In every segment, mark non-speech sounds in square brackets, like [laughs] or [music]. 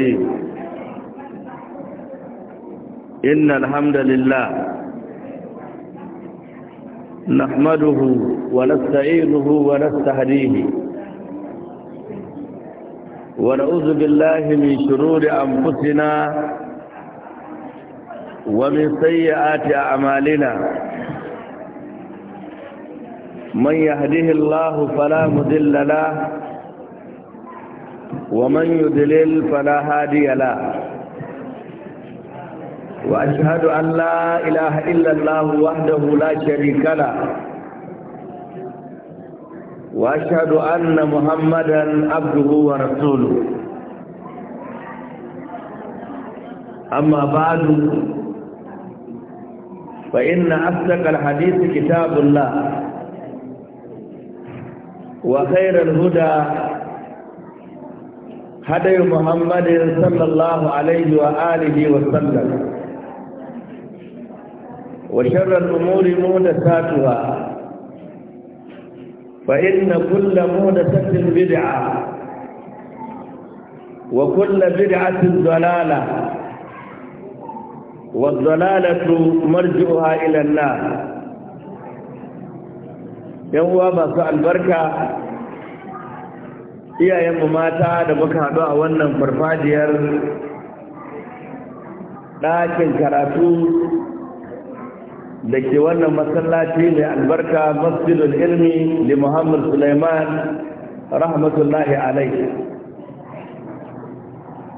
الرحيم إن الحمد لله نحمده ونستعينه ونستهديه ونعوذ بالله من شرور أنفسنا ومن سيئات أعمالنا من يهده الله فلا مذل له ومن يدلل فلا هادي له وأشهد أن لا إله إلا الله وحده لا شريك له وأشهد أن محمدا عبده ورسوله أما بعد فإن أصدق الحديث كتاب الله وخير الهدى هدي محمد صلى الله عليه وآله وسلم وشر الأمور مودساتها فإن كل مودسة بدعة وكل بدعة ضلالة والضلالة مرجعها إلى النار يوم بس البركة Iyayen mu mata da muka haɗu a wannan farfajiyar ɗakin karatu da ke wannan masallaci mai albarka masjidul ilmi li muhammad suleiman rahmatullahi alai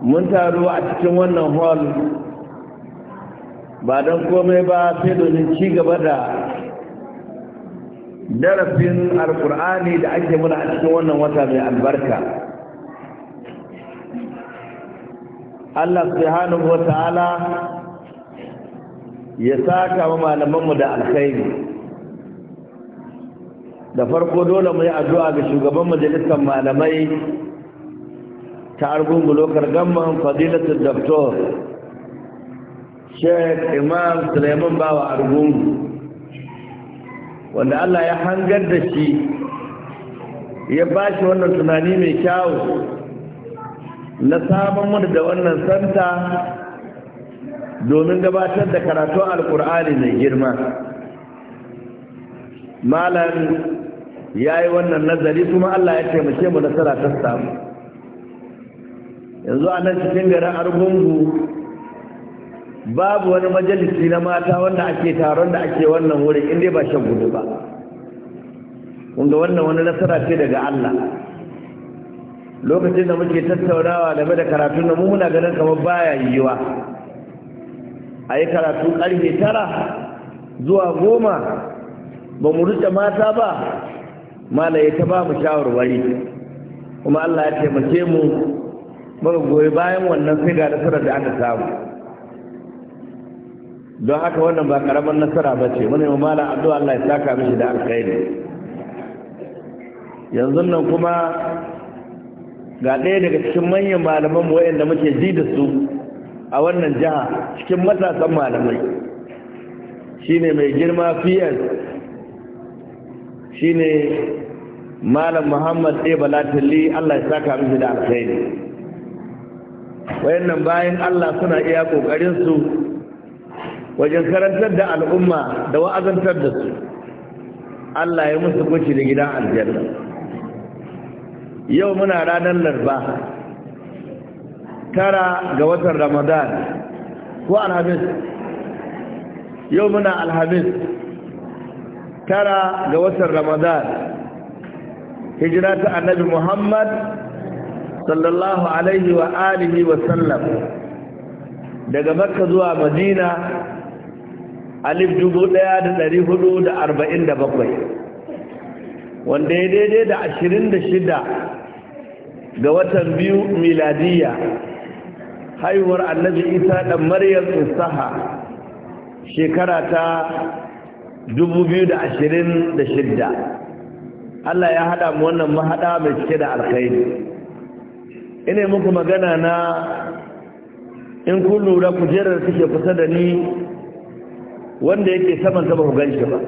mun taru a cikin wannan hall ba don komai ba sai domin ci gaba da darasin alkur'ani da ake muna a cikin wannan wata mai albarka Allah subhanahu wa ta'ala ya saka wa malamanmu da alkhairi da farko dole mu yi addu'a ga shugaban majalisar malamai ta argungu lokar gamman fadilatul doktor sheikh imam suleiman bawa argungu wanda Allah ya hangar da shi ya ba shi wannan tunani mai kyawu na sabon wani da wannan santa domin gabatar da karatun alkur'ani mai girma malam ya yi wannan nazari kuma Allah ya taimake mu nasara ta samu yanzu a nan cikin garin argungu babu wani majalisi na mata wanda ake taron da ake wannan wurin inda ba shan gudu ba wanda wannan wani nasara ce daga Allah lokacin da muke tattaunawa game da karatu na mu muna ganin kamar baya yiwa a yi karatu karfe tara zuwa goma ba mu rute mata ba malaye ta ba mu shawarwari kuma Allah ya taimake mu muka goyi bayan wannan figa da da aka samu don haka wannan ba karamar nasara ba ce wani mamala addu'a Allah ya saka mishi da alkhairi yanzu nan kuma ga ɗaya daga cikin manyan malaman mu da muke ji da su a wannan jiha cikin matasan malamai Shi ne mai girma fiyar ne malam muhammad ɗaya balatalli Allah ya saka mishi da alkhairi wayannan bayan Allah suna iya ƙoƙarinsu wajen karantar da al'umma da wa'azantar da su Allah ya musu kuci da gidan aljanna yau muna ranar larba tara ga watan ramadan ko alhamis yau muna alhamis tara ga watan ramadan hijira ta annabi muhammad sallallahu alaihi wa alihi wa sallam daga makka zuwa madina alif dubu ɗaya da ɗari hudu da arba'in da bakwai wanda ya daidai da ashirin da shida ga watan biyu miladiya haihuwar annabi isa ɗan maryam isaha shekara ta dubu biyu da ashirin da shida allah ya haɗa mu wannan mahaɗa mai cike da alkhairi ina muku magana na in kun lura kujerar suke kusa da ni wanda yake saman sama ku ganshi ba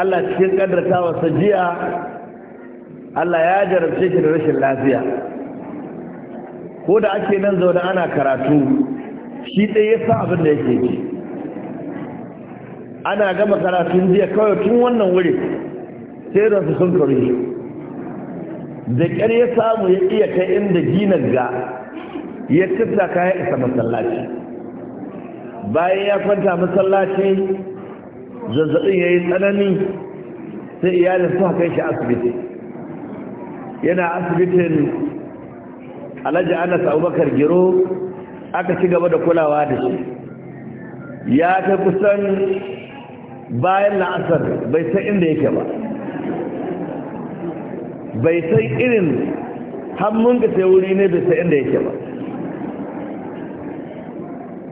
Allah cikin kaddatawa sajiya Allah ya jarabce shi da rashin lafiya ko da ake nan zaune ana karatu shi ɗaya ya sa abin da yake yi. ana gama karatun jiya kawai tun wannan wuri sai da su sun kare da ƙyar ya samu ya iya ta inda ginar ga ya tafsa kayan isa masallaci bayan ya kwanta masallaci zazzabin ya yi tsanani sai iyalin suka kai shi asibiti yana asibitin alhaji anas abubakar giro aka ci gaba da kulawa da shi ya ta kusan bayan la'asar bai san inda yake ba bai san irin hannun da sai wuri ne bai san inda yake ba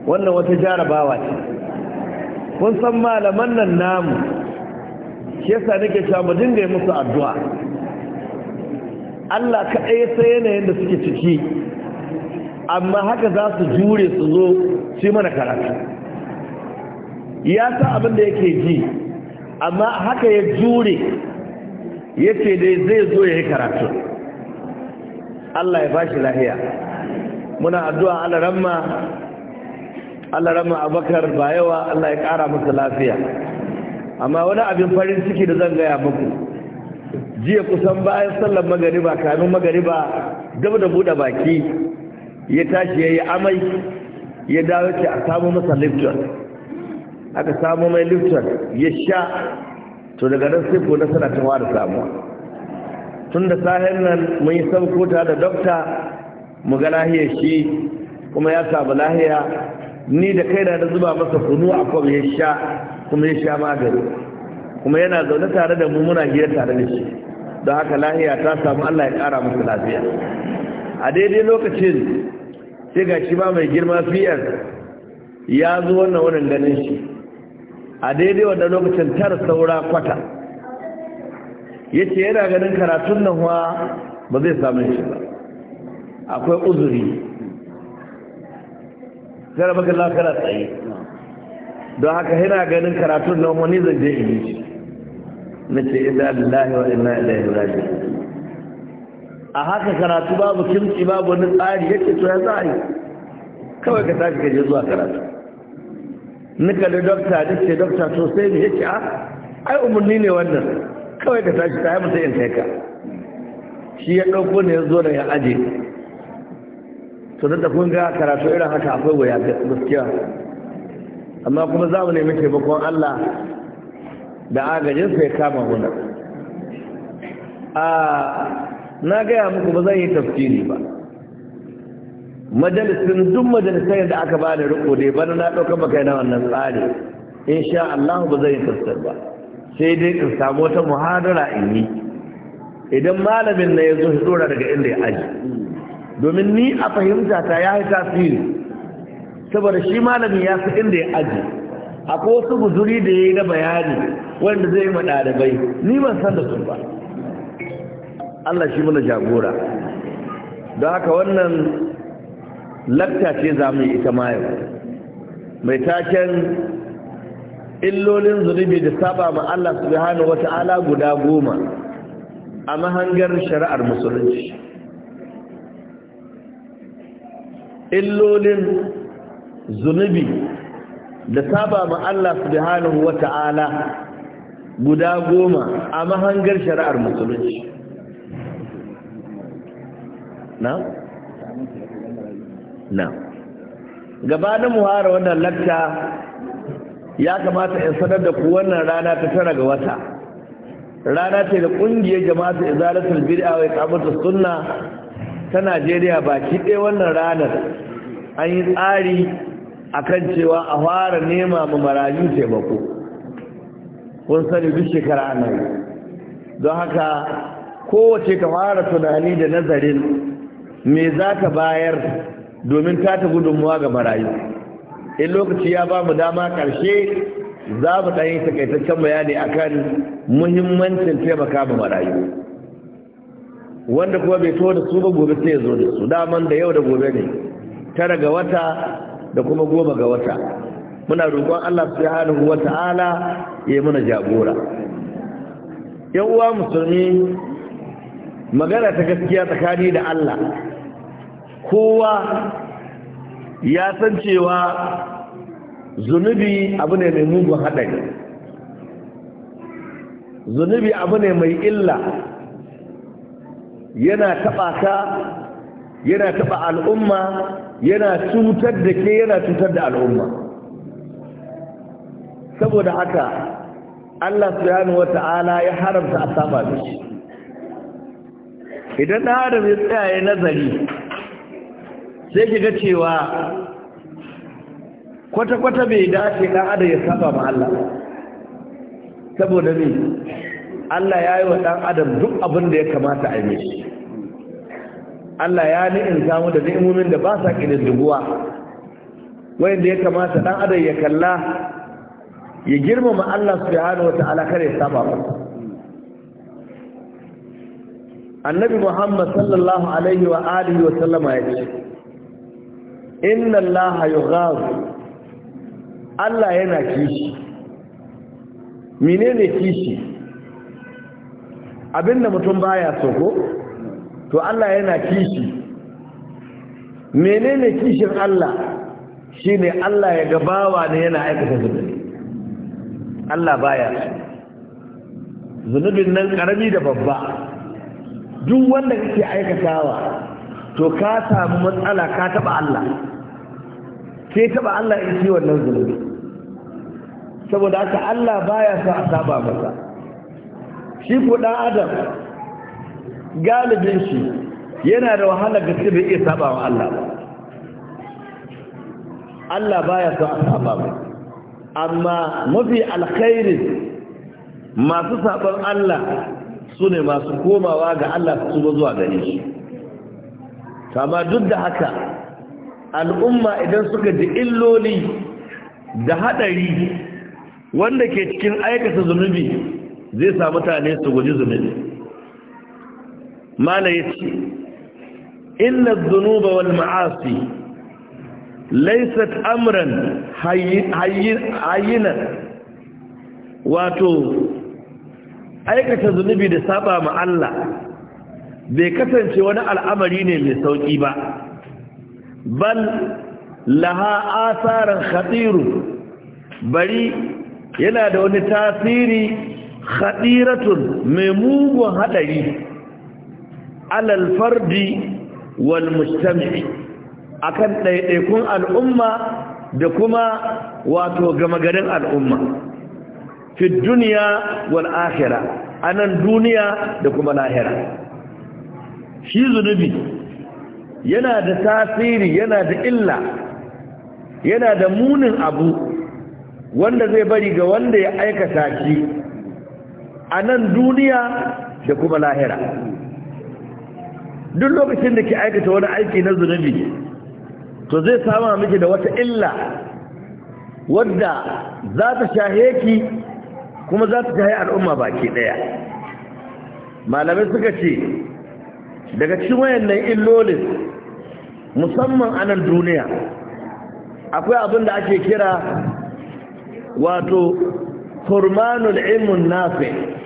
wannan wata jarabawa ce kun san malaman nan namu shi yasa nake cewa mu dinga yi musu addu'a Allah kaɗai sai yanayin da suke ciki amma haka za su jure su zo su mana karatu ya sa abin da yake ji amma haka ya jure ya dai zai zo ya yi karatu Allah ya bashi lahiya muna addu'a alaramma Allah rama abakar ba yawa Allah ya ƙara masa lafiya amma wani abin farin ciki da zan gaya muku jiya kusan bayan sallar magariba kamin magariba gaba da buɗe baki ya tashi ya yi amai ya dawo ce a samu masa lifton aka samu mai lifton ya sha to daga nan sai ko nasara ta da samuwa tun da sahen nan mun yi sauko da dokta mu ga lahiyar shi kuma ya samu lahiya ni da kai na zuba masa kunu a kwam ya sha kuma ya sha magani kuma yana zaune tare da mu muna hira tare da shi don haka lahiya ta samu Allah ya kara masa lafiya a daidai lokacin sai ga shi ba mai girma fiyar ya zo wannan wannan ganin shi a daidai wannan lokacin tara saura kwata ya ce yana ganin karatun nan wa ba zai samun shi ba akwai uzuri gara baka Allah kana tsaye don haka yana ganin karatun na wani zan je in yi na ce inda lillahi wa inna ilaihi raji'un a haka karatu babu kimci babu wani tsari yake to ya tsari kawai ka tafi ka je zuwa karatu nika da dokta da ce dokta sosai ne yake a ah, ai umarni ne wannan kawai ka tafi ta yi mutum in kai ka shi ya ɗauko ne ya zo da ya aje to da kun ga karatu irin haka akwai waya gaskiya amma kuma za mu nemi taimakon Allah da agajin sai ya kama mu a na gaya muku ba zan yi tafsiri ba majalisin duk majalisai da aka bani riko dai bana na ɗaukar maka na wannan tsari insha Allah ba zan yi tafsir ba sai dai in samu wata muhadara in yi idan malamin na ya zo shi daga inda ya aji domin ni a fahimta ta ya yi tasiri saboda shi malami ya fi inda ya aji akwai wasu guzuri da ya yi na bayani wanda zai yi ɗalibai ni ban san da su ba Allah shi mana jagora don haka wannan lakta ce za mu yi ita mayo mai taken illolin zunubi da saba ma Allah su wata ala guda goma a mahangar shari'ar musulunci illolin zunubi da saba ma Allah subhanahu ta'ala guda goma a mahangar shari'ar musulunci na? na gabanin muhara wannan lakta ya kamata in sanar da ku wannan rana ta tara ga wata rana ce da ƙungiyar ta izalatul bid'a wa iqamatus sunna ta najeriya baki ɗaya wannan ranar an yi tsari a kan cewa a fara nema ma marayu taimako kun sani duk shekara ana yi don haka kowace ka fara tunani da nazarin me za ka bayar domin ta ta gudunmuwa ga marayu in lokaci ya ba mu dama ƙarshe za mu ɗanyi takaitaccen bayani akan muhimmancin taimaka ma marayu wanda kuma bai taho da su ba gobe sai ya zo da su daman da yau da gobe ne tara ga wata da kuma goma ga wata muna roƙon Allah subhanahu wata'ala ya yi mana jagora yan uwa musulmi magana ta gaskiya tsakani da Allah kowa ya san cewa zunubi abu ne mai mugun haɗari zunubi abu ne mai illa yana taɓa ka yana taɓa al'umma yana cutar da ke yana cutar da al'umma saboda haka Allah subhanahu wata'ala ya haramta a saba da shi idan na haram ya tsaye nazari sai ki ga cewa kwata-kwata bai dace ɗan adam ya saba ma Allah saboda me Allah ya yi wa ɗan adam duk abin da ya kamata a yi Allah ya ni'in samu da ni'imomin da ba sa ƙididduguwa wanda ya kamata ɗan adam ya kalla ya girmama Allah ya wa wata alakar ya saba ba annabi muhammad sallallahu alaihi wa alihi wa sallama ya ce inna allaha yughazu Allah yana kishi ne kishi abinda mutum baya so ko to Allah yana kishi menene kishin Allah shine Allah ya gabawa ne yana aikata zunubi Allah baya zunubin nan karami da babba duk wanda kake aikatawa to ka samu matsala ka taba Allah ke taba Allah in ci wannan zunubi saboda haka Allah baya sa a saba masa shi ko adam galibin shi yana da wahala ga bai iya saba wa Allah ba Allah baya so a saba ba amma mafi alkhairi masu saban Allah su ne masu komawa ga Allah su zuwa gare shi kama duk da haka al'umma idan suka ji illoli da haɗari wanda ke cikin aikata zunubi zai sa mutane su guji zunubi mala ya ce inna zunuba wal ma'asi laisat amran hayyinan wato aikata zunubi da saba ma Allah bai kasance wani al'amari ne mai sauƙi ba bal laha asaran khatiru bari yana da wani tasiri khadiratun mai mugun hadari alal fardi wal mujtami akan ɗaiɗaikun al'umma da kuma wato gama garin al'umma fi duniya wal akhira anan duniya da kuma lahira shi zunubi yana da tasiri yana da illa yana da munin abu wanda zai bari ga wanda ya aikata shi a nan duniya da kuma lahira duk lokacin da ke aikata wani aiki na zunubi to zai sama miki da wata illa wadda za ta shahe ki kuma za ta shahe al'umma baki daya malamai suka ce daga cikin wayannan illolin musamman a nan duniya akwai abin da ake kira wato kurmanul ilmun nafi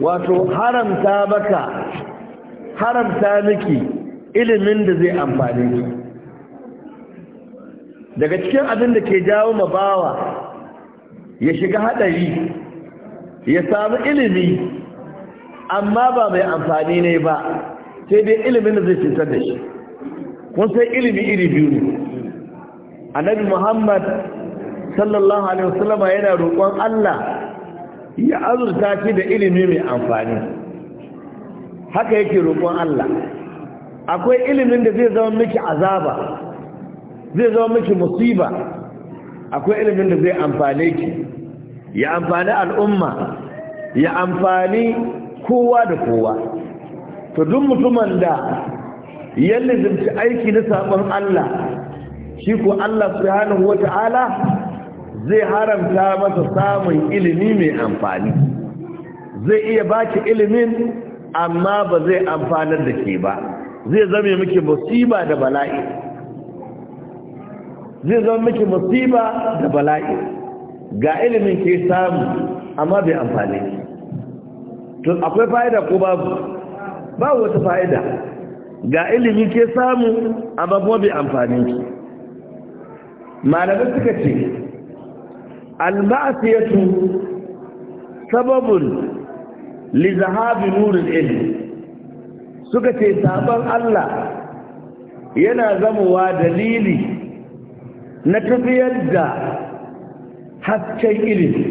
wato haramta baka haramta miki ilimin da zai amfane ki daga cikin abin da ke jawo ma bawa ya shiga hadari ya samu ilimi amma ba mai amfani ne ba sai dai ilimin da zai cutar da shi kun sai ilimi iri biyu ne annabi muhammad sallallahu alaihi wasallama yana roƙon allah ya azurta shi da ilimi mai amfani haka yake roƙon Allah akwai ilimin da zai zama miki azaba zai zama miki musiba akwai ilimin da zai amfane ki ya amfani al'umma ya amfani kowa da kowa to duk mutumin da ya lizinci aiki na sabon Allah shi ko Allah subhanahu wata'ala zai haramta masa samun ilimi mai amfani zai iya baki ilimin amma ba zai amfanar da ke ba zai zame miki musiba da bala'i zai zama miki musiba da bala'i ga ilimin ke samu amma bai amfani to akwai fa'ida ko babu babu wata fa'ida ga ilimin ke samu amma kuma bai amfani malamai suka ce sababin سبب لذهاب ilm suka ce sabon Allah, yana zamowa dalili na tafiyar da hasken ilimi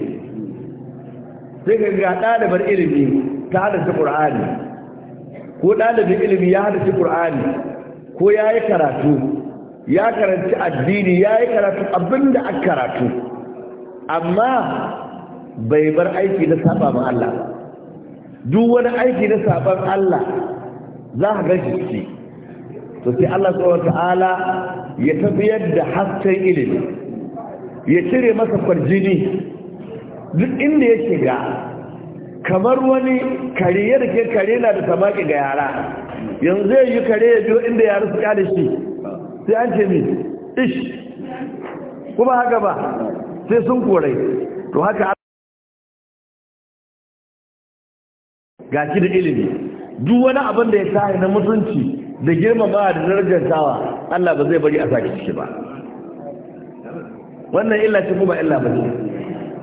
sai ga ga ɗalibar ilimi ta hadasa ƙur'ani ko ɗalibin ilimi ya hadasa ƙur'ani ko ya yi karatu ya karanci addini ya yi karatu abinda aka karatu amma bai bar aiki na saba ma Allah duk wani aiki na saban Allah za a ga shi to sai Allah subhanahu ta'ala ya tafiyar da hasken ilimi ya cire masa farjini duk inda ya ga kamar wani kare ya ke kare na da samaki ga yara yanzu ya yi kare ya biyo inda yara su kada shi sai an ce mi ish kuma haka ba sai sun korai to haka Ga shi da ilimi duk wani abin da ya tahi na mutunci da girmama da darajantawa Allah ba zai bari a saki ciki ba wannan illa ce kuma illa ba ce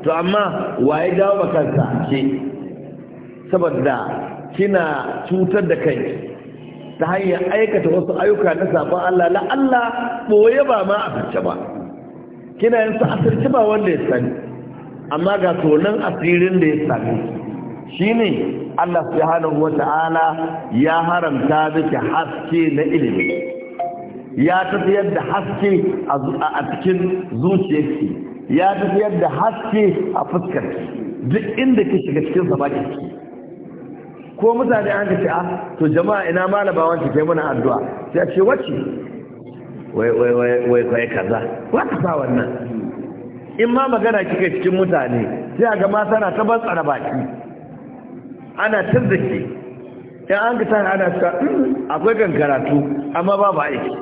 to amma waye dawo kanka ke saboda kina cutar da kai ta hanyar aikata wasu ayyuka na sabon Allah la Allah boye ba ma a ba kina yin su asirci ba wanda ya sani amma ga tonan asirin da ya sami shi ne Allah subhanahu wata'ala ya haramta miki haske na ilimi ya tafiyar da haske a cikin zuciyarki ya tafiyar da haske a fuskarki duk inda ki shiga cikin ki. ko mutane an ka ce a ah, to jama'a ina malaba wancan ke mana addu'a sai a ce wacce wai kaza ba ta sa wannan in ma magana kika cikin mutane sai a gama mata ta ban tsara baki ana tarzake in an ka ana suka hmm, akwai kan karatu amma ba ba aiki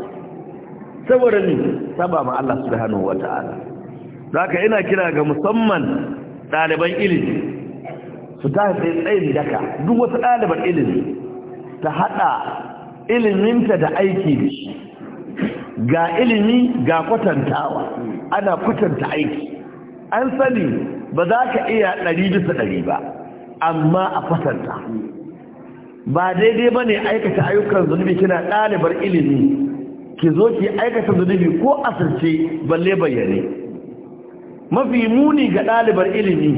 saboda ni saba ma Allah subhanahu wata'ala zaka ina kira ga musamman ɗaliban ilimi su ta tsayin daka duk wata ɗaliban ilimi ta haɗa iliminta da aiki da shi ga ilimi ga kwatantawa ana kwatanta aiki an sani ba za ka iya ɗari bisa ɗari ba amma a kwatanta ba daidai ba ne aikata ayyukan zunubi kina ɗalibar ilimi ki zo ki aikata zunubi ko asirce balle bayyane mafi muni ga ɗalibar ilimi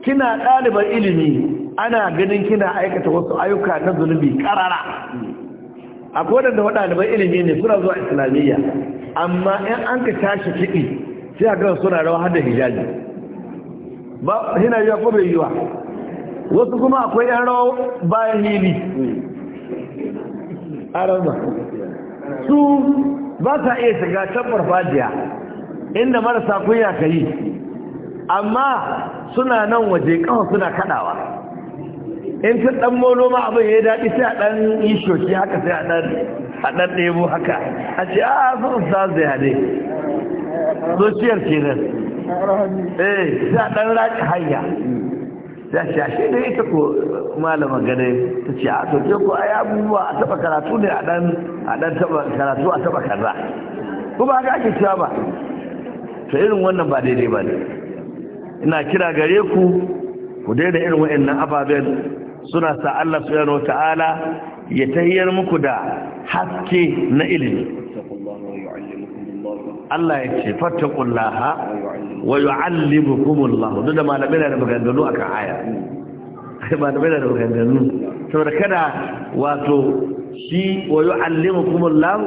kina ɗalibar ilimi ana ganin kina aikata wasu ayyuka na zunubi ƙarara akwai wadanda bai ilimi ne suna zuwa islamiyya amma in an ka tashi kiɗi sai a gan suna rawa har da hijabi ba hina yi ko bai yi wa wasu kuma akwai yan rawa bayan hili rama su ba ta iya shiga can farfajiya inda marasa kunya ka yi amma suna nan waje kawai suna kaɗawa in sun dan mono ma abin ya daɗi sai a ɗan yi shoki haka sai a ɗan ɗebo haka a ce a ah, sun sa zai haɗe zociyar ke nan eh sai a ɗan raƙi hanya za shi ashe da ita ko malama gane ta ce a ah, to ko ai abubuwa a taba karatu ne a dan taba karatu a taba kaza kuma ba ga ake cewa ba to irin wannan ba daidai ba ne ina kira gare ku ku daina irin wa'annan ababen suna sa Allah subhanahu ta'ala ya tahiyar muku da haske na ilimi Allah ya ce fattaqullaha wa yu'allimukumullahu duk da malamai na da maganganu akan aya malamai na da maganganu saboda kada wato shi wa yu'allimukumullahu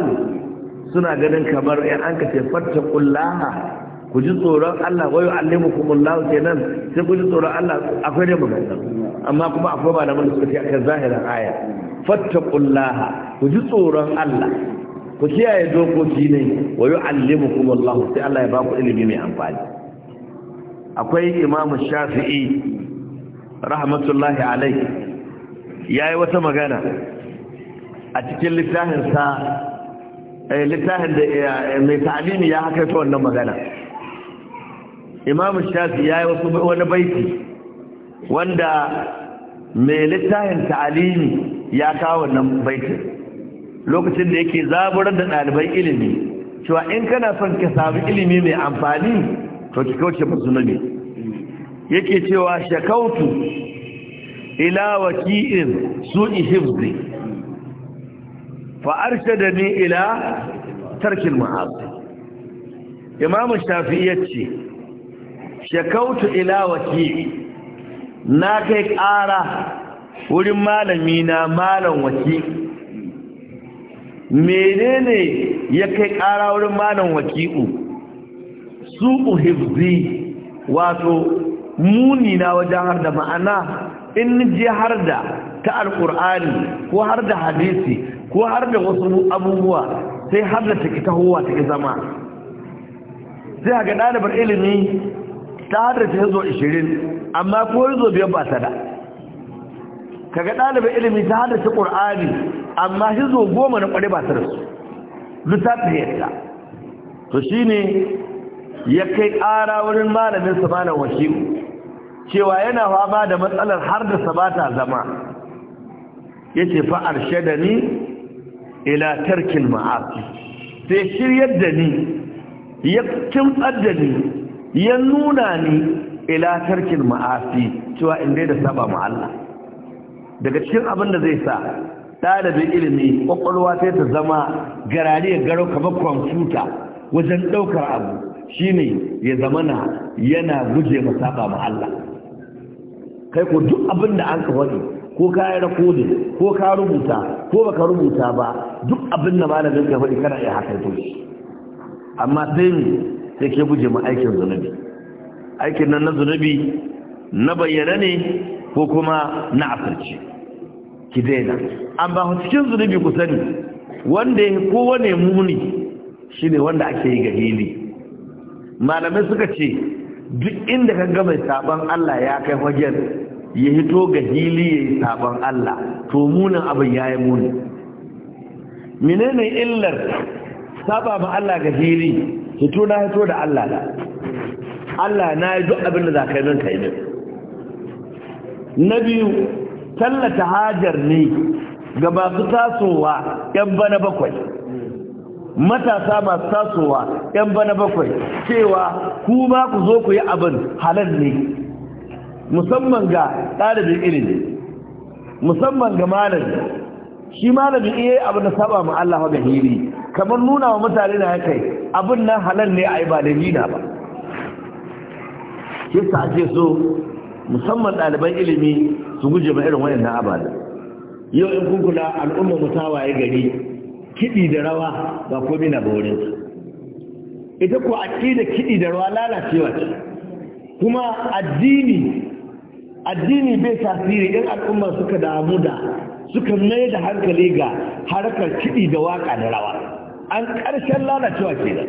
suna ganin kamar in an ka ce fattaqullaha ku ji tsoron Allah wayo ke nan, sai ku ji tsoron Allah akwai ne magana amma kuma akwai malaman da suka ce akan zahirin aya fattaqullaha ku ji tsoron Allah ku kiyaye dokoki ne wa yu'allimukumullahu sai Allah ya ba ku ilimi mai amfani akwai imamu shafi'i rahmatullahi ya yi wata magana a cikin littafin sa eh, littafin da eh, mai ta'alimi ya haka ta wannan magana imam shafi ya yi wasu wani baiti wanda mai littafin ta'alimi ya kawo wannan baiti lokacin da yake zaburar da ɗalibai ilimi cewa in kana son ka sami ilimi mai amfani to ki kauce nabi yake cewa shakautu ila waki'in su'i hifzi fa arshadani ila tarkil ma'asi imam shafi'i yace shakautu ila waki na kai ƙara wurin malami na malam waki menene ya kai ƙara wurin malam waki'u su uhibzi wato muni na wajen har da ma'ana in je har da ta alƙur'ani ko har da hadisi ko har da wasu abubuwa sai har da take tahowa take zama sai ga ɗalibar ilimi ta haddace hizo 20 amma ko hizo biyar ba ta da kaga ɗalibin ilimi ta ta ƙur'ani amma hizo goma na ƙware ba su lissafi yadda to shi ne ya kai ƙara wurin malamin samanin washi'u cewa yana fama da matsalar har da sabata zama ya ce fa'ar ni ila tarkin ma'afi sai shiryar da ni ya kimtsar da ni ya nuna ni ila tarkin ma'asi cewa in dai da saba ma Allah daga cikin abin da zai sa ɗalibin ilimi ƙwaƙwalwa sai ta zama garari garo kamar kwamfuta wajen ɗaukar abu shine ya zama na yana guje ma saba ma Allah kai ko duk abin da an ka ko ka yi rakodi ko ka rubuta ko baka rubuta ba duk abin da malamin ka faɗi kana iya haka to amma sai sai ke buje ma aikin zunubi aikin nan na zunubi na bayyana ne ko kuma na asirci ki daina an ba cikin zunubi ku sani wanda ya wane muni ne wanda ake yi ga hili malamai suka ce duk inda ka ga mai saban Allah ya kai wajen ya hito ga hili ya yi saban Allah to munin abin ya yi muni menene illar saba Allah ga hili hito na hito da Allah na Allah na yi duk abin da za ka yi min yi min na biyu tallata hajar ne ga masu tasowa yan bana bakwai matasa masu tasowa yan bana bakwai cewa ku ma ku zo ku yi abin halar ne musamman ga ɗalibin ilimi musamman ga malar shi malami iya abin da saba ma Allah da hiri kamar nuna wa mutane na haka abin nan halal ne a yi ba da nina ba yadda ake so musamman ɗaliban ilimi su guje ma irin na abada. yau in kun kula mutawa ya gari kiɗi da rawa ba komai na ba wurin ita ko da kiɗi da rawa lalacewa ce kuma addini addini bai tasiri in al'umma suka damu da suka mai da hankali ga harkar kiɗi da waka da rawa an ƙarshen lalacewa ke da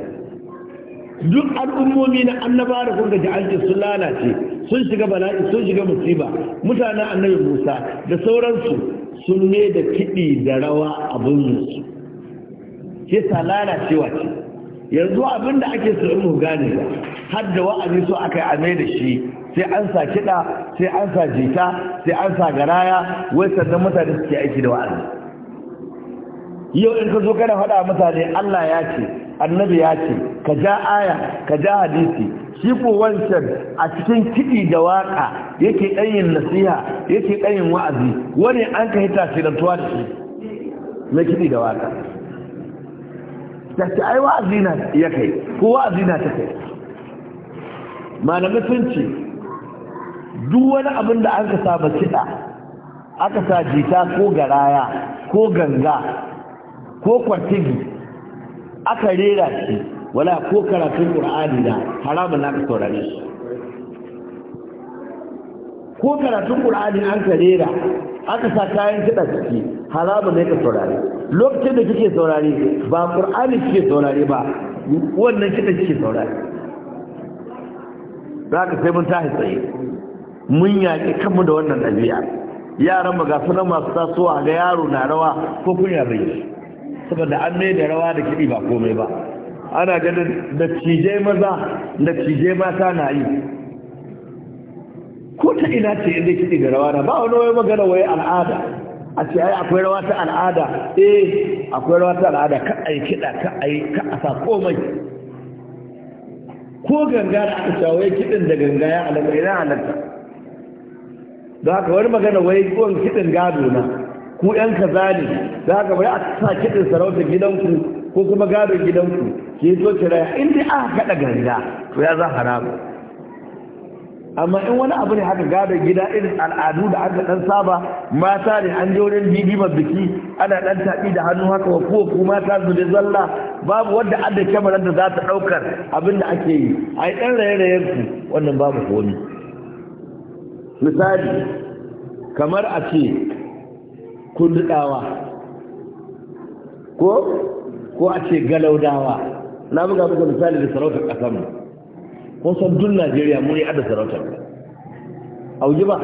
duk al'ummomi na annaba da kuma ji an sun lalace sun shiga bala'i sun shiga musiba mutanen annabi musa da sauransu sun mai da kiɗi da rawa abin su ke sa lalacewa ce yanzu abin da ake sauri mu gane ba har da wa'azi so aka yi a mai da shi sai an sa kiɗa sai an sa jita sai an sa garaya wai sannan mutane suke aiki da wa'azi yau in ka zo kana faɗa mutane Allah ya ce annabi ya ce ka ja aya ka ja hadisi shi ko wancan a cikin kiɗi da waƙa yake ɗanyin nasiha yake ɗanyin wa'azi wani an ka hita firantuwa da shi na kiɗi da waƙa ta ai wa'azi na ya kai ko wa'azi na ta kai malamai sun ce duk wani abin da aka saba kiɗa aka sa jita ko garaya ko ganga ko kwartigi aka rera shi wala ko karatun ƙur'ani da haramun na ka saurare shi ko karatun ƙur'ani an ka rera aka sa kayan kiɗa ciki haramun ne ka saurare lokacin da kike saurare ba ƙur'ani kike saurare ba wannan kiɗa kike saurare za ka sai mun tashi tsaye mun yaƙi kanmu da wannan ɗabi'a yaran mu ga su masu tasowa ga yaro na rawa ko kunya bai saboda an mai da rawa da kiɗi ba komai ba ana ganin da cije maza da cije mata na yi ko ta ina ce inda kiɗi da rawa na ba wani wai magana wai al'ada a ce ai akwai rawa ta al'ada eh akwai rawa ta al'ada ka ai kiɗa ka ai ka a sa komai ko ganga da aka shawo kiɗin da ganga ya alaƙa ina alaƙa da haka wani magana wai tsohon kiɗin gado na ku yan kaza ne da haka wai a sa kiɗin sarautar gidanku ko kuma gado gidanku ke zo kira in dai aka kaɗa ganga to ya za haramu amma in wani abu ne haka gado gida irin al'adu da aka ɗan saba mata ne an je wurin ma biki ana ɗan taɓi da hannu haka wa ko ku mata su ne zalla babu wadda adda kyamarar da za ta ɗaukar abin da ake yi a yi ɗan raye-rayen ku wannan babu komi misali kamar a ce kundudawa ko ko a ce galaudawa na buga buga misali da sarautar ƙasar mu kun san dun najeriya mu ne ada sarautar auji ba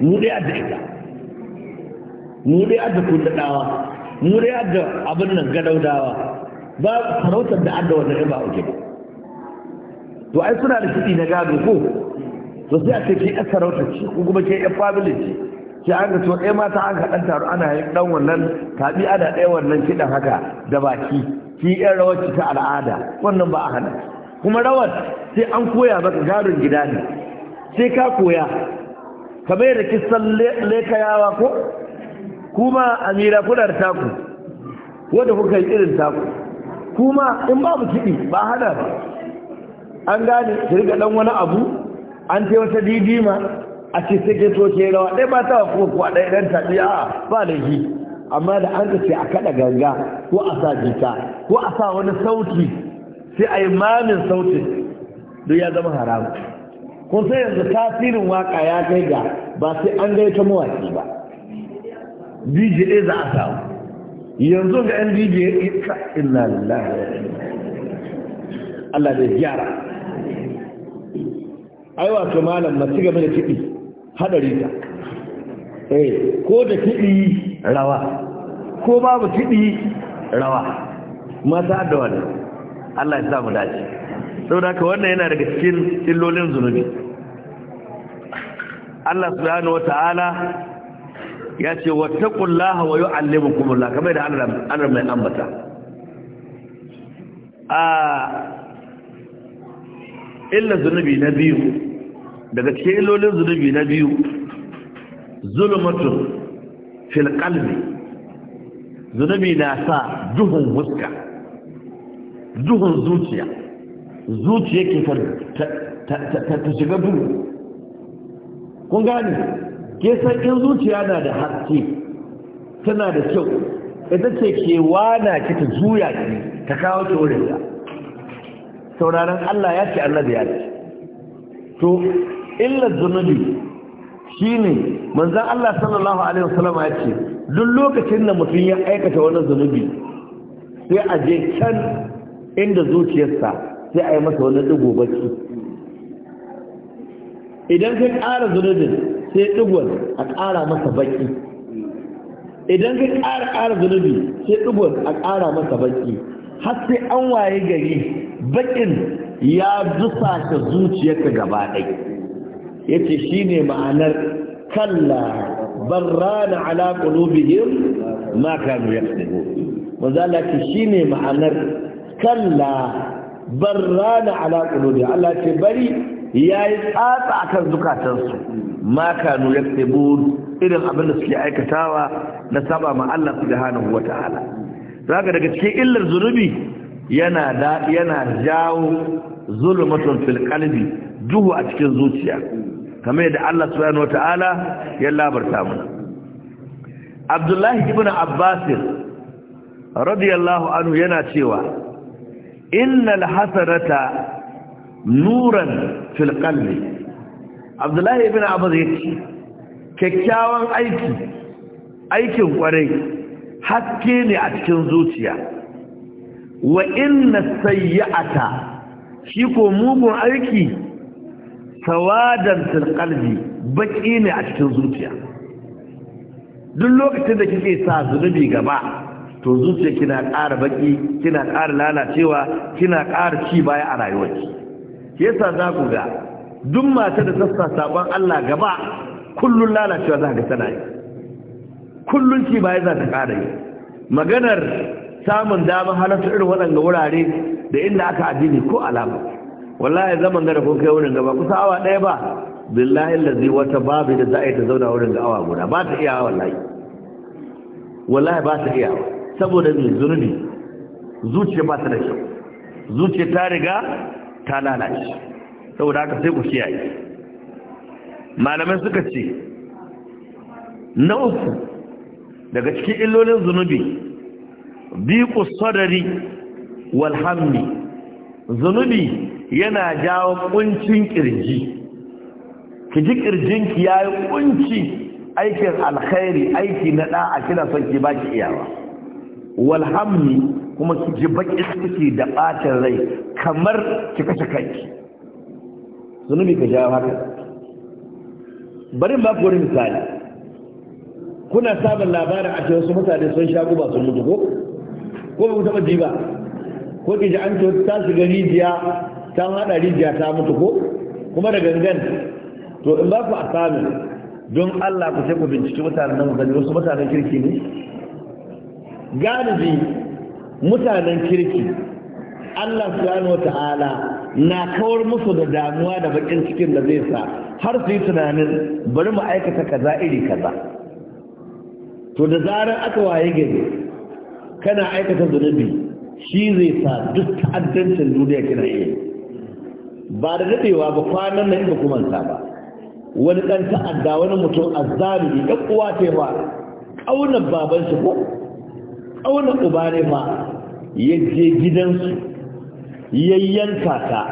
mu dai adda ita mu dai adda kundudawa mu dai adda abin nan galaudawa ba sarautar da da wannan ba auji ba to ai suna da kiɗi na gado ko to sai a ce ke yan sarauta ce ko kuma ke yan family ce ke an ga to ɗaya mata an kaɗan taro ana yi ɗan wannan taɓi ana ɗaya wannan kiɗan haka da baki ki yan rawar ta al'ada wannan ba a hana kuma rawar sai an koya maka garin gida ne sai ka koya kamar yadda kisan lekayawa ko kuma amira kuna da taku wanda kuka yi irin taku kuma in babu kiɗi ba hana ba an gane ki riga ɗan wani abu an ce wata didima a ce sai to rawa ɗaya ba ta ko kuwa ɗaya ɗan taɗi a ba da shi amma da an ce a kaɗa ganga ko a sa jita ko a sa wani sauti sai a yi mamin sautin duk ya zama haram kun sai yanzu tasirin waka ya kai ga ba sai an ta mawaki ba dj za a samu yanzu ga yan dj inna Allah da gyara ai wato malam masu gaba da kiɗi hadari ta eh ko da kiɗi rawa ko babu kiɗi rawa mata da wannan Allah ya sa mu dace saboda ka wannan yana daga cikin illolin zunubi Allah subhanahu wataala ya ce wattaqullaha wa yu'allimukumullah kamar da Allah mai ambata a ah, illa zunubi na biyu daga cikin ilolin zunubi na biyu zulmatun fil qalbi zunubi na sa duhun huska duhun zuciya zuciya ke ta shiga duhu kun gane ke san in zuciya na da haske tana da kyau ita ce ke wana ki ta juya ki ta kawo ki sauraron Allah ya ce Allah da ya ce to illa zunubi shine manzon Allah sallallahu alaihi wasallam ya ce duk lokacin da mutum ya aikata wani zunubi sai a je can inda zuciyarsa sai a yi masa wani digo baki idan kai ƙara zunubin sai digon a ƙara masa baki idan kai ƙara ƙara zunubi sai digon a ƙara masa baki har sai an waye gari bakin ya dusa ka zuciyarka gaba ɗaya yace shine ma'anar kalla barrana ala qulubihim ma kanu shine ma'anar kalla barrana ala Allah ce bari yayi tsatsa akan zukatansu ma kanu yaktubu irin abin da suke aikatawa na saba ma Allah subhanahu wataala zaka daga cikin illar zunubi yana da yana jawo zulmatun fil qalbi duhu a cikin zuciya kamar yadda Allah subhanahu wata'ala ya labarta mu Abdullahi ibn Abbas radiyallahu anhu yana cewa innal hasanata nuran fil qalbi Abdullahi ibn Abbas yake kyakkyawan aiki aikin kwarai haske ne a cikin zuciya wa inna sayyi'ata shi ko mugun aiki sawadan fil qalbi baki ne a cikin zuciya duk lokacin da kike sa zunubi gaba to zuciya kina ƙara baki kina ƙara lalacewa kina ƙara ci baya a rayuwarki yasa za ku ga duk mata da sassa sabon Allah gaba kullun lalacewa za ka tana yi kullun ci baya za ta ƙara yi maganar samun damar halarta irin waɗanda wurare da inda aka addini ko alama wallahi zaman da ko kai wurin gaba kusa awa ɗaya ba billahi lazi wata babu da za a yi ta zauna wurin ga awa guda ba ta iya wallahi wallahi ba ta iya saboda mai zunubi zuciya ba ta da shi zuciya ta riga ta lalace saboda haka sai ku kiyaye malamai suka ce na uku daga cikin illolin zunubi biku sadari walhammi zunubi yana jawo kuncin kirji ki ji kirjinki ya yi kunci aikin alkhairi aiki na a kina son ki baki iyawa walhammi kuma ki ji baki suke da ɓacin rai kamar ki kace kanki zunubi ka jawo haka bari ba ku wani misali kuna samun labarin a cikin wasu mutane sun sha guba sun mutu ko ko ba ku taba ji ba ko ki ji an ce ta ga rijiya ta haɗa rijiya ta mutu ko kuma da gangan to in ba ku a don Allah ku sai ku binciki mutanen nan gani wasu mutanen kirki ne galibi mutanen kirki Allah subhanahu wata'ala na kawar musu da damuwa da bakin cikin da zai sa har su yi tunanin bari mu aikata kaza iri kaza to da zarar aka waye gari kana aikata zunubi shi zai sa duk ta'addancin duniya kina iya ba da daɗewa ba kwanan nan ba kuma sa ba wani ɗan ta'adda wani mutum a azzalumi ɗan uwa ta yi ba ƙaunar baban shi ko ƙaunar uba ne ma ya je gidansu yayyanka ta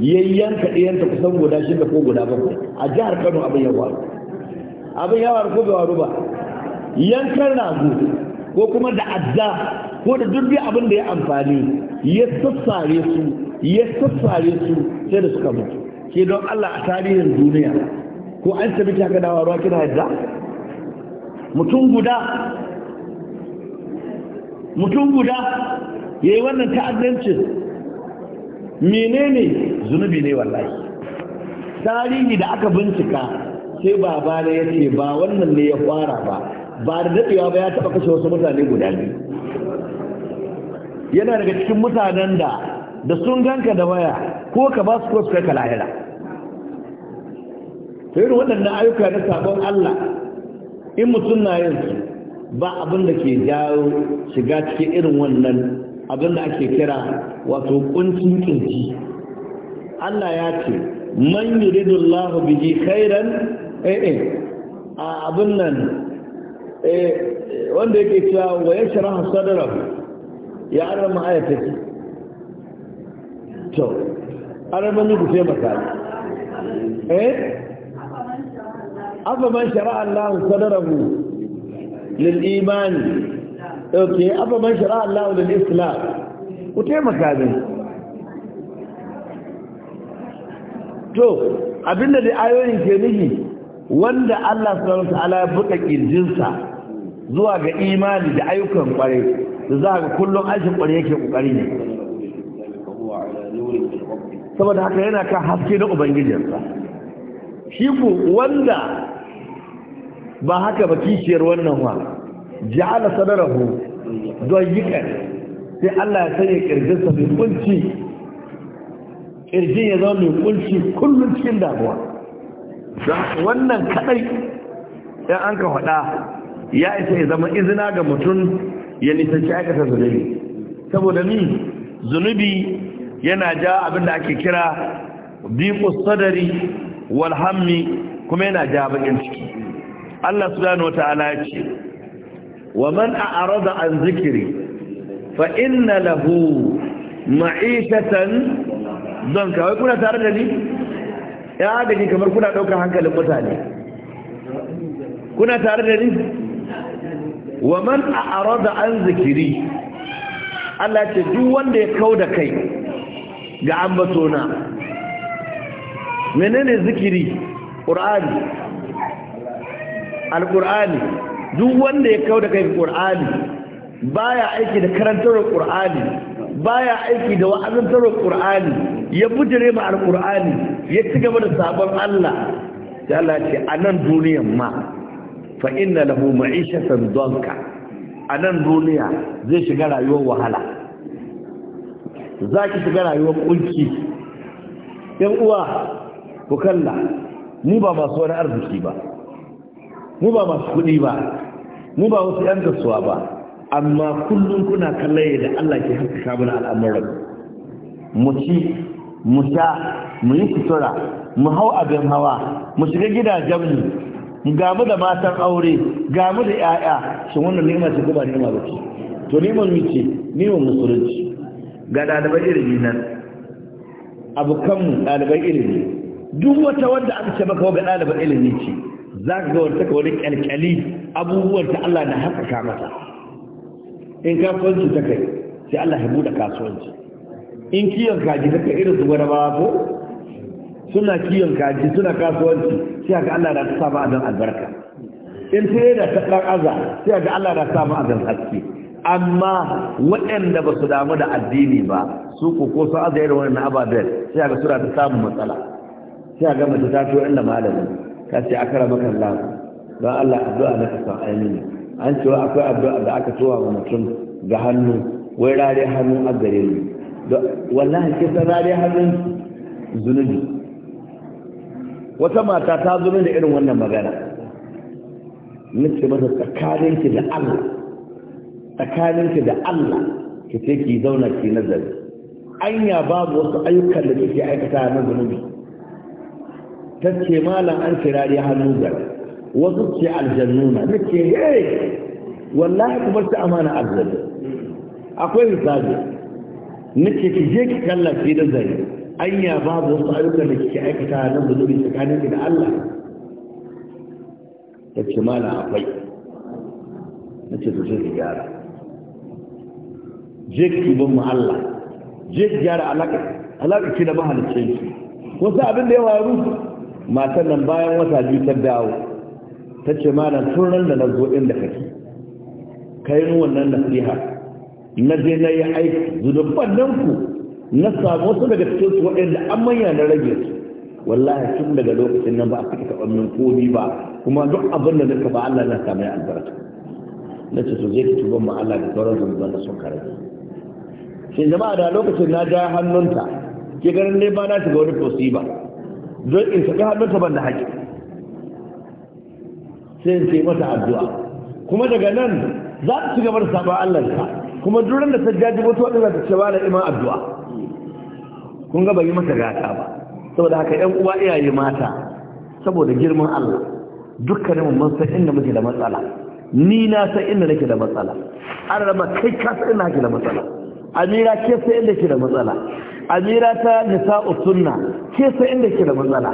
yayyanka ɗiyanta kusan guda shida ko guda ba a jihar kano abin yawa abin yawa ko bai waru ba yankan ragu ko kuma da adda ko da duk abin da ya amfani ya sassare su ya sassare su sai da suka mutu ke don Allah a tarihin duniya ko an sabi ta gadawa ruwa kina yadda mutum guda mutum guda ya yi wannan ta'addancin menene zunubi ne wallahi tarihi da aka bincika sai ba ya ce ba wannan ne ya fara ba ba da daɗewa ba ya taɓa kashe wasu mutane guda biyu yana daga cikin mutanen da da sun ganka da waya ko ka ba su ko su kai ka lahira sai irin waɗannan ayyuka na sabon Allah in mutum na yin su ba abin da ke jawo shiga cikin irin wannan abin da ake kira wato kuncin kirji Allah ya ce man yuridullahu bihi khairan eh eh abin nan Eh, wanda yake cewa wa ya shara sadara ya arama ki to arama ne ku sai maka eh afa man shara Allah sadarahu lil iman okay afa man shara Allah lil islam ku taimaka ne to abinda da ayoyin ke nihi wanda Allah subhanahu wa ta'ala ya buka kirjinsa zuwa ga imani da ayyukan kware da za ga kullum aikin kware yake kokari ne saboda haka yana kan haske na ubangijinsa shi ku wanda ba haka ba kishiyar wannan wa ja'ala sadarahu don yikan sai Allah ya sanya kirjinsa mai kunci kirjin ya zama mai kunci kullum cikin damuwa wannan kadai ya an ka faɗa ya isa ya zama izina ga mutum ya nisanci aikata zunubi saboda ni zunubi yana ja abin da ake kira biƙo sadari walhammi kuma yana ja bakin ciki Allah subhanahu wata'ala ya ce wa man a'rada an zikiri fa inna lahu ma'ishatan don kawai kuna tare da ni ya da ni kamar kuna ɗaukar hankalin mutane kuna tare da ni wa man a'rada an zikiri Allah ce duk wanda ya kauda kai ga ambatona menene zikiri qur'ani alqur'ani duk wanda ya kauda kai qur'ani baya aiki da karantar qur'ani baya aiki da wa'azantar qur'ani ya bujire ma alqur'ani ya cigaba da sabon Allah sai Allah ce a nan duniyar ma fa inna lahu ma'ishatan danka a nan duniya zai shiga rayuwar wahala zaki ki shiga rayuwar kunci yan uwa ku kalla mu ba masu wani arziki ba mu ba masu kuɗi ba mu ba wasu yan kasuwa ba amma kullum kuna kallon da Allah ke haskaka mana al'amuran mu ci mu sha mu yi kutura mu hau abin hawa mu shiga gidajen mu gamu da matan aure gamu da ƴaƴa shi wannan ni'ima ce ko ba ni'ima ba ce to ni'imar mi ce ni'imar musulunci ga ɗaliban ilimi nan abokanmu ɗaliban ilimi duk wata wanda aka ce maka ga ɗaliban ilimi ce za ka ga wata ka wani ƙyalƙyali abubuwan ta Allah na haƙaƙa mata in kasuwanci ta kai sai Allah ya buɗe kasuwanci in kiyon kaji ta kai irin su gwada ba ko suna kiyon kaji suna kasuwanci sai ga Allah da ta samu azan albarka in sai da ta dan aza sai ga Allah na samu azan haske amma waɗanda ba su damu da addini ba su ko ko su aza da wannan ababen sai ga suna ta samu matsala sai ga mace ta to inda malamin ka ce akara maka Allah don Allah addu'a na kasan ainihi an cewa akwai addu'a da aka towa wa mutum ga hannu wai rare hannu a gare ni wallahi kisa rare hannun zunubi wata mata ta zo da irin wannan magana nace mata tsakaninki da Allah tsakaninki da Allah ki ce ki zauna ki nazari anya babu wasu ayyukan da kike aikata na zunubi tace malam an kirari hannu gar wasu ce aljannuna nace hey wallahi ku bar ta amana aljanna akwai misali nace ki je ki kallafi da zai anya babu wasu ayyukan da kike aikata nan da zuri tsakanin da Allah ta ce mala akwai na ce to sai gyara je ki ban mu Allah je ki gyara alaƙa. ki da mahalicin ki wasu abin da ya waru matan nan bayan wata biyu ta dawo ta ce mala tun ran da na zo inda kake kai mu wannan nasiha na je na yi aiki zudubban nan ku na samu wasu daga cikin su waɗanda an manya na rage su wallahi tun daga lokacin nan ba a fita taɓa min komi ba kuma duk abin da duka ba Allah na samu albarka na ce to zai ki tuban mu Allah da sauran zunuban da sun karanta Shin jama'a da lokacin na ja hannunta ke ganin ne ba na shiga wani fosi ba don in saka hannunta ban da haƙi sai in ce mata addu'a kuma daga nan za ta ci gaba da saɓa Allah ta kuma duran da ta jajibo ta waɗanda ta ce ba da ima addu'a kun ga bai yi masa gata ba saboda haka ƴan uwa iyaye mata saboda girman Allah dukkanin mun san inda muke da matsala ni na san inda nake da matsala an raba kai ka san inda nake da matsala amira ke san inda ke da matsala amira ta nisa'u sunna ke san inda ke da matsala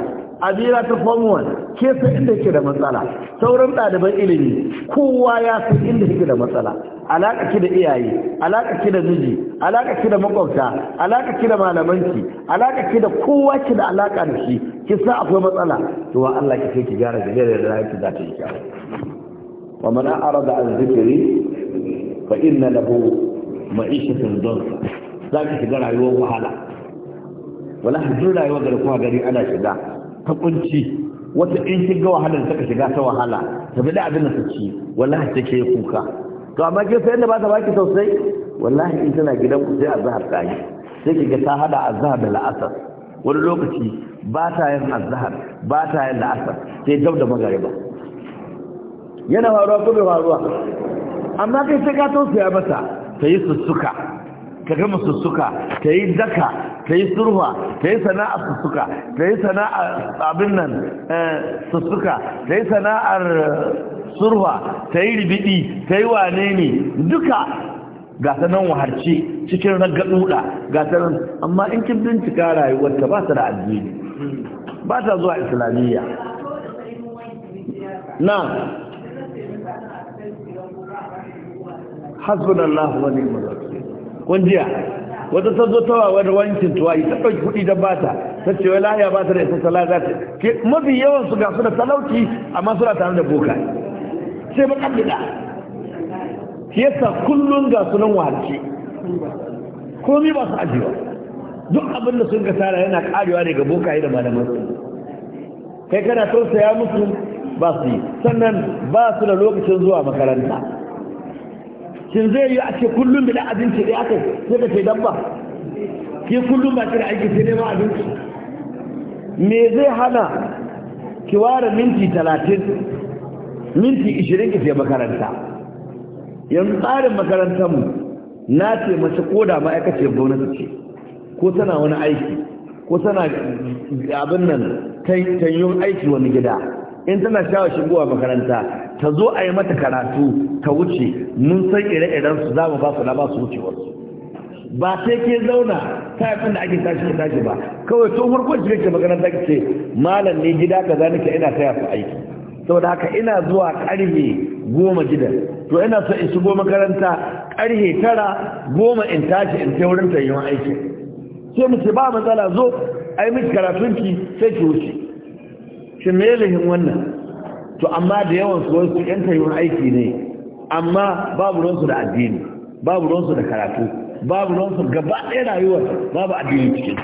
amira ta form 1 ke san inda ke da matsala sauran ɗaliban ilimi kowa ya san inda ke da matsala alaka ki da iyaye alaka ki da miji alaka ki da makwabta alaka ki da malamanki alaka ki da kowa ki da alaka da shi ki sa akwai matsala to wa Allah ki sai ki gyara da da da ki za ta yi kyau wa man arada an zikri fa inna lahu ma'ishatan dunya za ki shiga rayuwar wahala wala duk rayuwar da kuma gari ana shiga ta kunci wata in shiga wahalar ta shiga ta wahala ta bi da abin da ta ci wallahi take kuka to amma ke sai da ba ta baki sosai wallahi in tana gidan ku sai azhar ta yi sai kiga ta hada azhar da la'asar wani lokaci ba ta yin azhar ba ta yin la'asar sai dab da magariba yana faruwa ko bai faruwa amma kai sai ka tausaya mata ta yi sussuka ka gama sussuka ka yi daka ka yi surwa ka yi sana'a sussuka ka yi sana'a abin nan eh, sussuka ka yi sana'ar Surwa, ta yi ribidi ta yi wane ne duka ga ta nan cikin ragaduda ga ta nan amma in kin bincika rayuwarta ba ta da addini ba ta zuwa islamiyya na allah wa ni'mal wakeel kun jiya wata ta zo tawa wani wankin tuwayi ta ɗauki kuɗi don ba ta ta ce wai lahiya ta da ita sallah za ta mafi yawan su ga su da talauci amma suna tare da boka sai bakar bida yasa kullum ga sunan wahalci komi ba su ajiyewa duk abin da sun ga tara yana karewa daga bokaye da malaman su kai kana saya musu ba su yi sannan ba su da lokacin zuwa makaranta shin zai yi a ce kullum bida abinci ɗaya kai sai ka ce dabba ke kullum ba kira aiki sai neman abinci me zai hana ki ware minti talatin minti ishirin ki je makaranta yanzu tsarin makarantar mu na ce mace ko da ma'aikaciyar gwamnati ce ko tana wani aiki ko tana abin nan tanyon aiki wani gida in tana shawa shigowa makaranta ta zo a yi mata karatu ta wuce mun san ire-iren su za mu ba su na ba su wucewar su ba sai ke zauna ta yi da ake tashi da tashi ba kawai tun farkon shi kake makaranta ce malam ne gida ka za nake ina ta yafi aiki saboda haka ina zuwa karfe goma gidan to ina so in shigo makaranta karfe tara goma in tashi in ta wurin wa aiki sai mu ce ba matsala zo ai miki karatunki sai ki wuce shi me lahin wannan to amma da yawan su wasu yan wa aiki ne amma babu ronsu da addini babu ronsu da karatu babu ronsu gaba ɗaya rayuwar babu addini cikin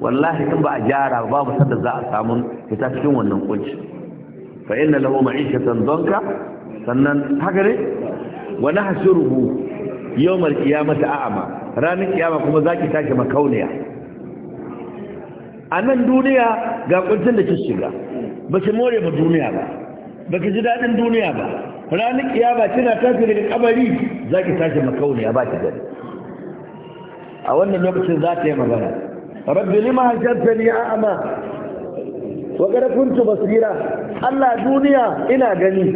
wallahi in ba a gyara babu sanda za a samu fita cikin wannan kunci fa inna lahu ma'ishatan danka sannan haka ne wa nahshuruhu yawmal mata a'ama ranar kiyama kuma za ki tashi makauniya a nan duniya ga kuntun da ki shiga ba ki more ba duniya ba ba ki ji daɗin duniya ba ranar kiyama kina tashi daga za ki tashi makauniya ba ki gani a wannan lokacin za ta yi magana rabbi lima hajjarta ni a'ama wa kuntu basira Allah duniya ina gani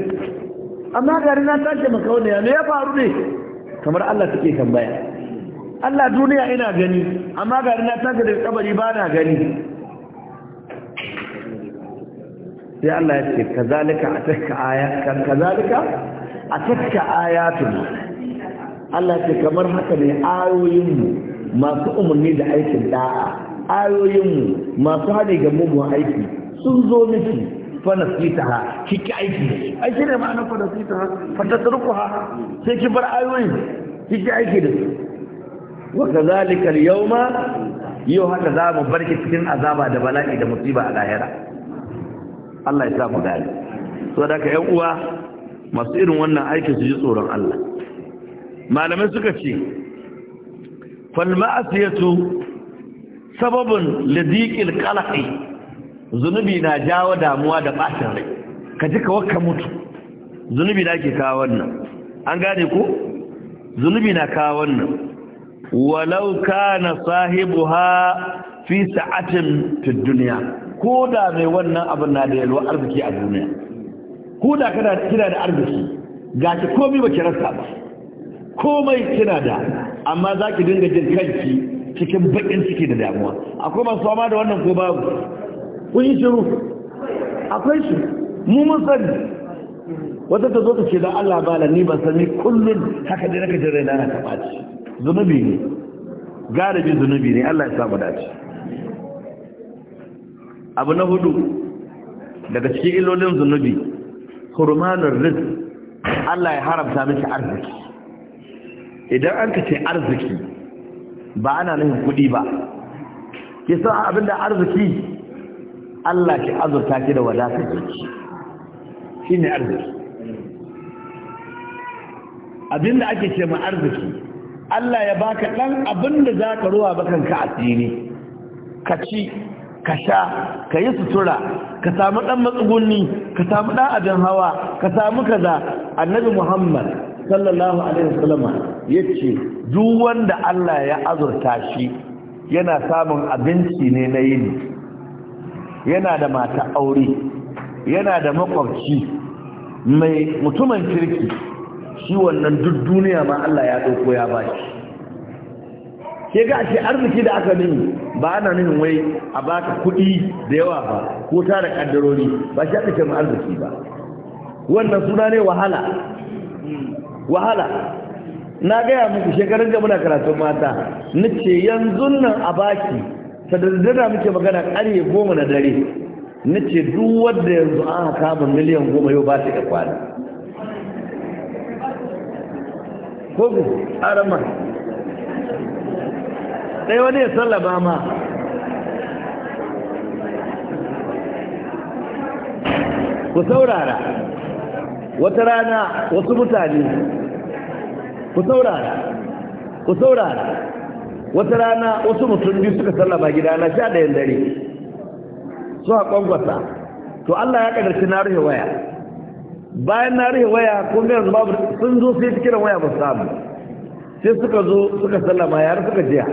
amma gari na tashi ya me ya faru ne kamar Allah take tambaya Allah duniya ina gani amma gari na tashi da kabari ba na gani sai Allah ya ce kazalika atakka ayatan kazalika atakka ayatun Allah ya ce kamar haka ne mu masu umarni da aikin da'a mu masu hane ga mugun aiki sun zo miki fa nasitaha kiki aiki da shi ai shine ma'anar fa nasitaha fa tatrukuha sai ki bar ayoyin kiki aiki da su wa kadhalika al-yawma yau haka za mu barki cikin azaba da bala'i da musiba a lahira Allah ya sa mu gani so da ka yan uwa masu irin wannan aikin su ji tsoron Allah malamai suka ce fal ma'asiyatu sababun lidiqil qalaqi. zunubi na jawo damuwa da ɓacin rai ka ji ka ka mutu zunubi na ke kawo wannan an gane ku? zunubi na kawo wannan walau na sahibu ha fi sa'atin ta duniya ko da mai wannan abin na da yalwa arziki a duniya ko da kana da arziki ga ki komai ba ki rasa ba komai kina da amma za ki dinga jin kanki cikin bakin ciki da damuwa akwai masu fama da wannan ko babu kun yi shiru akwai shi mu mun sani wata ta zo ta ce da Allah ba ni ba sani kullun haka dai naka jira na ta baci zunubi ne galibi zunubi ne Allah ya samu dace abu na hudu daga cikin illolin zunubi hurmanar rizq Allah ya haramta miki arziki idan an ka ce arziki ba ana nufin kudi ba ke san abinda arziki Allah ki azurta ki da wadatar zuci shi ne arziki abinda ake ce ma arziki Allah ya baka ɗan abinda za ka ruwa bakan ka asiri ka ci ka sha ka yi sutura ka samu ɗan matsugunni ka samu ɗan abin hawa ka samu kaza annabi muhammad sallallahu alaihi wasallam ya duk wanda Allah ya azurta shi yana samun abinci ne na yini yana da mata aure yana da makwabci mai mutumin kirki shi wannan duk duniya ma Allah ya ɗauko ya ba shi ke ga shi arziki da aka nemi ba ana nufin wai a baka kuɗi da yawa ba ko tara kaddarori ba shi aka kama arziki ba wannan suna ne wahala wahala na gaya muku shekarun da muna karatun mata nace yanzu nan a baki ta daddana muke magana ƙarye goma na dare na ce duk wadda yanzu an kama miliyan goma yau ba ta da kwana ko ku arama ɗaya wani ya sallaba ma ku saurara wata rana wasu mutane ku saurara ku saurara wata rana wasu mutum biyu suka sallama gida na sha ɗayan dare su a kwankwasa to Allah ya kadarci na rufe waya bayan na rufe waya ko mai yanzu babu sun zo sai su kiran waya ba samu sai suka zo suka sallama yar suka jiya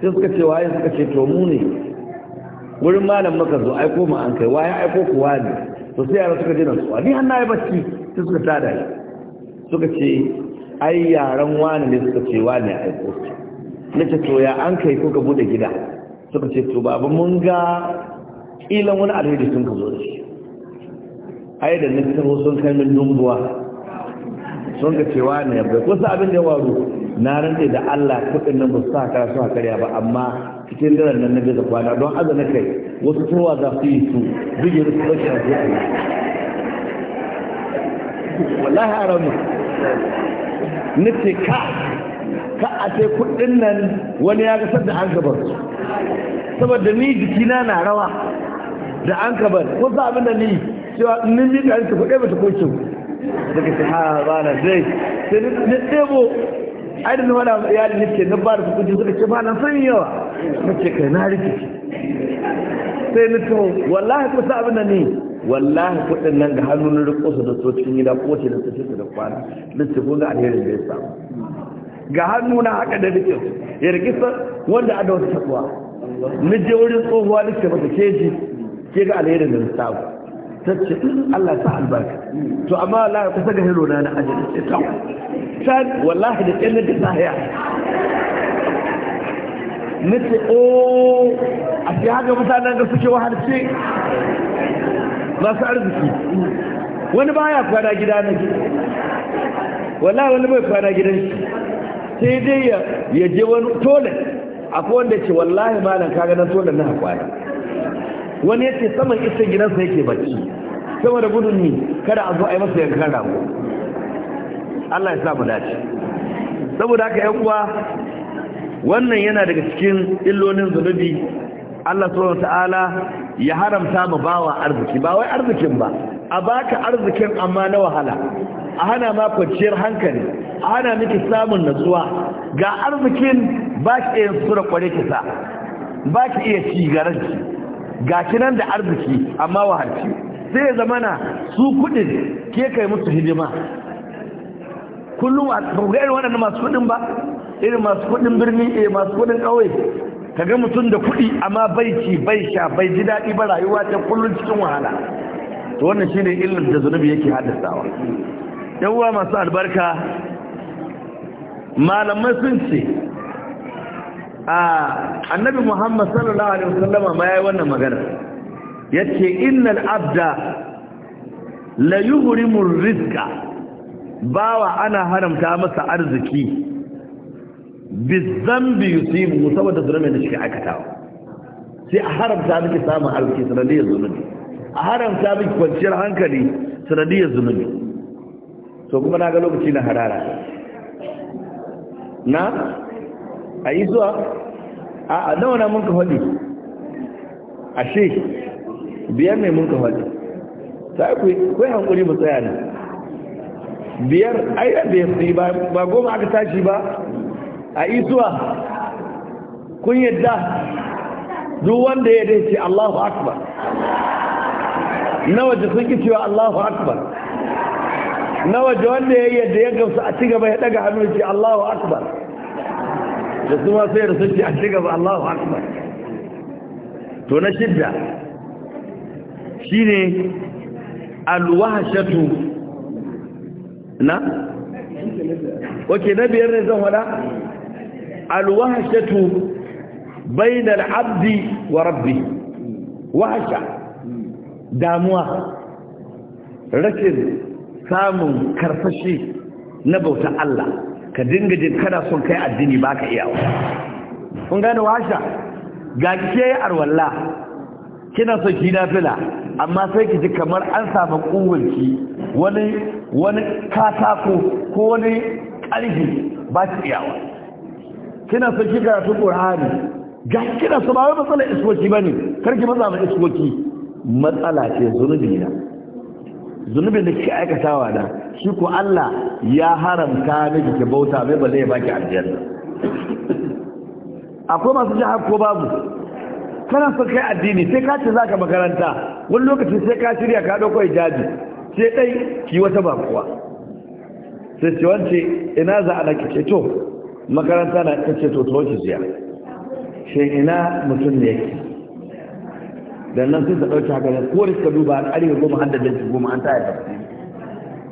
sai suka ce waye suka ce to mu ne wurin malam maka zo aiko mu an kai waye aiko kuwa ne to sai yara suka jina su ni hannaye bacci sai suka tada suka ce ai yaran wani ne suka ce wani aiko su na ce to ya an kai ko ka bude gida suka ce to babu mun ga ilan wani alheri sun ka zo da shi ai da na taro sun kai min dumbuwa sun ga cewa ne bai kusa abin da waru na rantse da Allah kudin nan ba su sa kara su karya ba amma cikin daren nan na gaza kwana don azana kai wasu tuwa za su yi su bige su dauke a zuwa wallahi a rauni na ce ka ka a ce kuɗin nan wani ya gasar da an gabar saboda ni jikina na rawa da an gabar ko sa abin da ni cewa ni ni da ta kuɗe bata koke daga ta ha ba na dai sai ni ɗebo ai da wani iyali ne ke na ba da kuɗi suka ce ba na san yawa na ce kai na rike sai ni to wallahi ko sa abin da ni wallahi kuɗin nan da hannun rikosa da so cikin gida ko ce da su da kwana lissafo ko ga alherin da ya samu ga hannu na haka da nake ya rikisa wanda ada wata tabuwa ni je wurin tsohuwa da ke mata keji ke ga alherin da ta ta ce mm, Allah ta albarka to amma ya kusa ga hero na na ajin ce ta san wallahi da kallon da ta haya nace o oh, a ce haka mutanen da suke wahalce masu arziki wani baya kwana gida na gida wallahi wani bai kwana gidan shi sai dai ya je wani tolet akwai wanda ce wallahi malam kaga nan tolet na hakwai wani yace saman isa gidansa yake baki da gudun ni kada a zo a yi masa yankan rago Allah ya sa dace saboda haka ya uwa wannan yana daga cikin illolin zunubi Allah subhanahu ta'ala ya haramta mu bawa arziki ba wai arzikin ba a baka arzikin amma na wahala a hana ma kwanciyar hankali hana miki samun natsuwa ga arzikin ba ki iya tsura kware kisa ba ki iya ci garanci ga kinan da arziki amma wahalci sai ya zamana su kudin ke kai musu hidima kullum a ga irin waɗanda masu kudin ba irin masu kudin birni eh masu kudin ƙauye ka ga mutum da kuɗi amma bai ci bai sha bai ji daɗi ba rayuwa ta kullum cikin wahala to wannan shine illar da zunubi yake haddasawa Ɗan uwa masu albarka malamai sun ce a annabi muhammad sallallahu alaihi wasallama ma yayi wannan magana yace innal abda la yuhrimu rizqa bawa ana haramta masa arziki bizambi yusibu saboda zulumin da shi aikatawa sai a haramta miki samun arziki sanadiyar zulumi a haramta miki kwanciyar hankali sanadiyar zulumi to kuma na ga lokaci na harara na a yi zuwa a nawa na mun ka a ashe biyar ne mun ka faɗi ta kai hankuri mu tsaya ne biyar aida biyar fi ba goma aka tashi ba a isuwa kun yadda duk wanda ya dace Allahu akbar na waje sun ki cewa Allahu akbar na waje wanda ya yadda ya gamsu a cigaba ya daga hannu ce Allahu akbar da su ma sai da sun ce a cigaba Allahu akbar to na shidda shine alwahshatu na wace na biyar ne zan wada alwahshatu bainal abdi wa rabbi wahsha damuwa rashin samun karfashi na bautan Allah ka dinga jin kada son kai addini ba ka iya kun gane washa ga ke arwalla kina son ki fila, amma sai ki ji kamar an samu kuwanki wani wani katako ko wani ƙarfi ba ki iyawa kina son ki karatu Qur'ani ga kina so ba wai matsalar iskoki bane karki matsa ma iskoki matsala ce zunubi na zunubin da kike aikatawa da shi ko Allah ya haramta miki ki bauta mai balle ya baki aljanna akwai masu jaha ko babu kana so kai addini sai ka ci zaka makaranta wani lokaci sai ka shirya ka dauko hijabi sai dai ki wata kuwa sai ce wance ina za a laki ce to makaranta na ce to to ki ziya ina mutum ne Dan nan sun ta dauki haka ne ko suka duba an arewa goma an da danci goma an taya tafsiri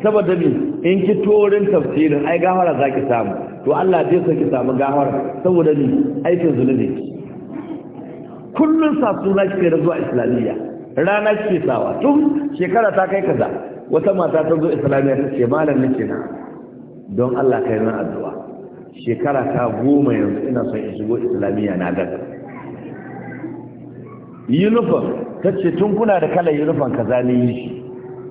saboda me in ki torin tafsirin ai gahara za samu to Allah zai saki samu gahara saboda me aikin zunubi kullun sa suna ki da zuwa islamiyya rana ke sawa tun shekara ta kai kaza wata mata ta zo islamiyya ta ce malam nake na don Allah kai na addu'a shekara ta goma yanzu ina son in shigo islamiyya na gaza uniform ta ce tun kuna da kalar uniform ka ne yi shi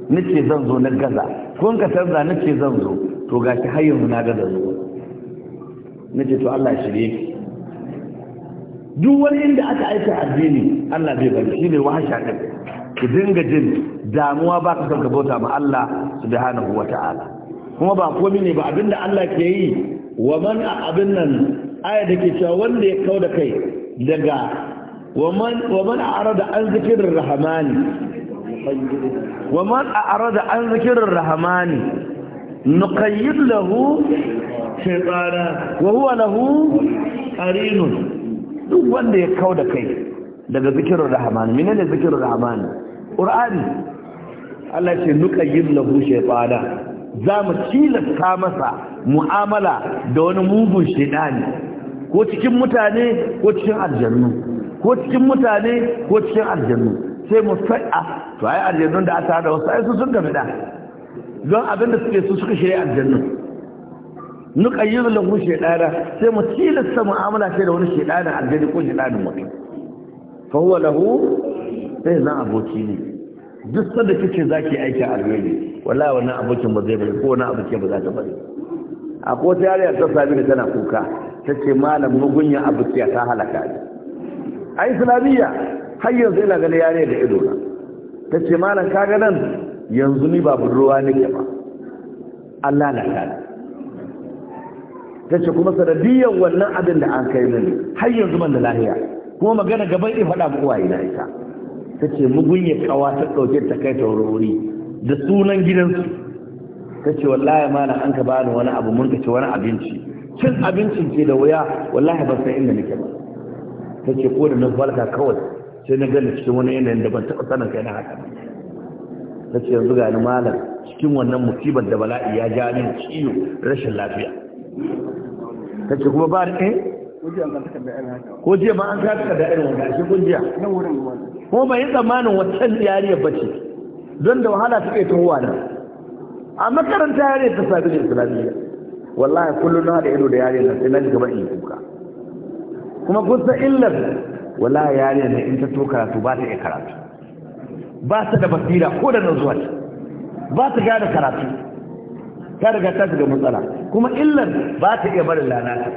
nake zan zo na gaza kun ka canza nake zan zo to gashi har yanzu na gaza zo nake to Allah shirye ki duk wani inda aka aika addini Allah zai bari shine hasha din ku dinga jin damuwa ba ka san ka bauta ma Allah subhanahu wata'ala kuma ba komai ne ba abinda Allah ke yi wa man abin nan aya da ke cewa wanda ya kauda kai daga ومن أعرض عن ذكر الرحمن ومن أعرض عن ذكر الرحمن نقيد له شيطانا وهو له قرين duk wanda ya kau da kai daga zikirin rahman ne zikirin rahamani? qur'ani Allah ce nuqayyid lahu shaytana za mu tilasta masa mu'amala da wani mugun shaytani ko cikin mutane ko cikin aljannu ko cikin mutane ko cikin aljannu sai mu sa'a ah, to ai aljannun da aka da wasu ai su sun gabe da don abin da suke su suka shirya aljannun nuqayyidu lahu shaytana sai mu tilasta mu'amala sai da wani shaytana aljanni ko shaytanin mutum fa huwa lahu sai zan aboki ne duk sanda kike zaki aiki a alheri wallahi wannan abokin ba zai bari ko wani abokin ba za ta bari akwai wata yariya ta sami da tana kuka ta ce malam mugunya abokiya ta halaka ne. a islamiyya har yanzu ina gani yare da ido na ta ce malam kaga nan yanzu ni ba ruwa nake ba Allah na kada ta ce kuma sanadiyyar wannan abin da an kai mini har yanzu man da lahiya kuma magana gaban in faɗa mu uwaye na ita ta ce mugunyar kawa ta ɗauke ta kai ta wuri da sunan gidansu ta ce wallahi malam an ka bani wani abu mun ka ci wani abinci cin abincin ke da wuya wallahi ban san inda nake ba ta ce ko da na balka kawai sai na gani cikin wani yanayin da ban taɓa sanin kai na haka ta ce yanzu ga ni malam cikin wannan musibar da bala'i ya ja min ciwo rashin lafiya ta ce kuma ba ni eh ko jiya ma an kasa da irin wanda shi kungiya ko bai yi tsammanin wancan yariyar bace don da wahala ta kai tuhuwa nan a makaranta yariyar ta sabi da islamiyya wallahi kullum na da ido da yariyar na sai na gaba in kuka kuma san illar wala yare ne in ta to karatu ba ta iya karatu ba ta da basira ko da nazuwa ba ta gane karatu ta riga ta shiga matsala kuma illar ba ta iya barin lalata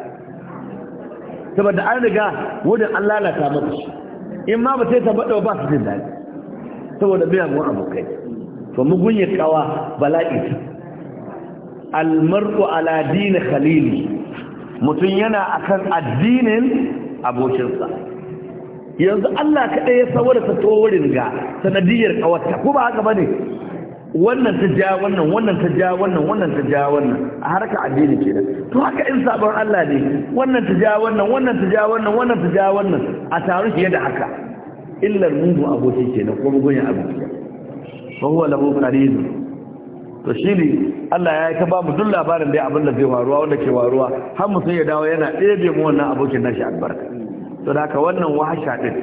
saboda an riga wurin an lalata mata shi in ma ba sai ta baɗa ba su jin daɗi saboda miyagun abokai to mugun ya kawa bala'i almar'u ala dini khalili mutum yana akan addinin abokinsa yanzu Allah kaɗai ya saboda ta torin ga sanadiyar kawarta ko ba haka ba ne? wannan ta ja wannan wannan ta ja wannan wannan ta ja wannan a harka addini kenan to haka in sabon Allah ne wannan ta ja wannan wannan ta ja wannan wannan ta ja wannan a taru fiye da haka illar mugu aboki kenan ko mugun aboki Fahuwa huwa lahu to shi ne Allah ya ta ba mu dun labarin dai abin da zai waruwa wanda ke waruwa har mutum ya dawo yana ɗebe mu wannan abokin nashi albarka to da haka wannan wahasha din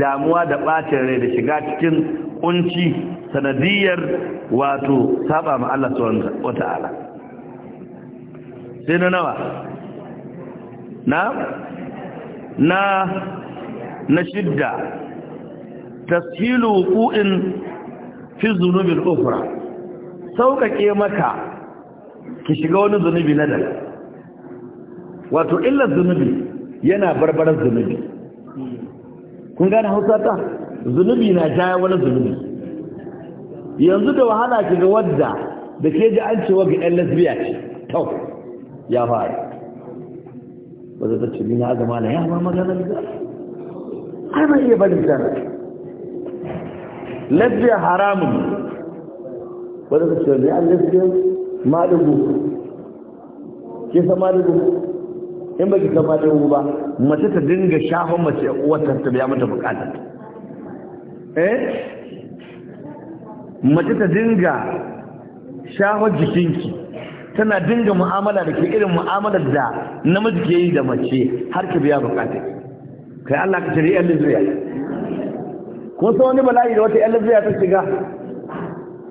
damuwa da ɓacin rai da shiga cikin kunci sanadiyar wato saba ma Allah subhanahu wata'ala sai na nawa na na na shidda tashilu ku'in fi zunubin ukhra sauƙaƙe maka ki shiga wani zunubi na dal wato illar zunubi yana barbarar zunubi kun gane hausa ta zunubi na jaya wani zunubi yanzu da wahala ki ga wadda da ke ji an cewa ga yan lesbiya ce tau ya fara wadda ta ce nina zama na yawa magana da har ba iya barin jana lesbiya haramun wadda su ce ne an gaskiya malugu ke sa malugu in ba ki sa malugu ba mace ta dinga shafan mace uwarta ta biya mata bukata eh mace ta dinga shafar jikinki tana dinga mu'amala da ke irin mu'amalar da namiji ke yi da mace har ki biya bukata kai Allah ka shari'a lizuya ko sai wani bala'i da wata yan lizuya ta shiga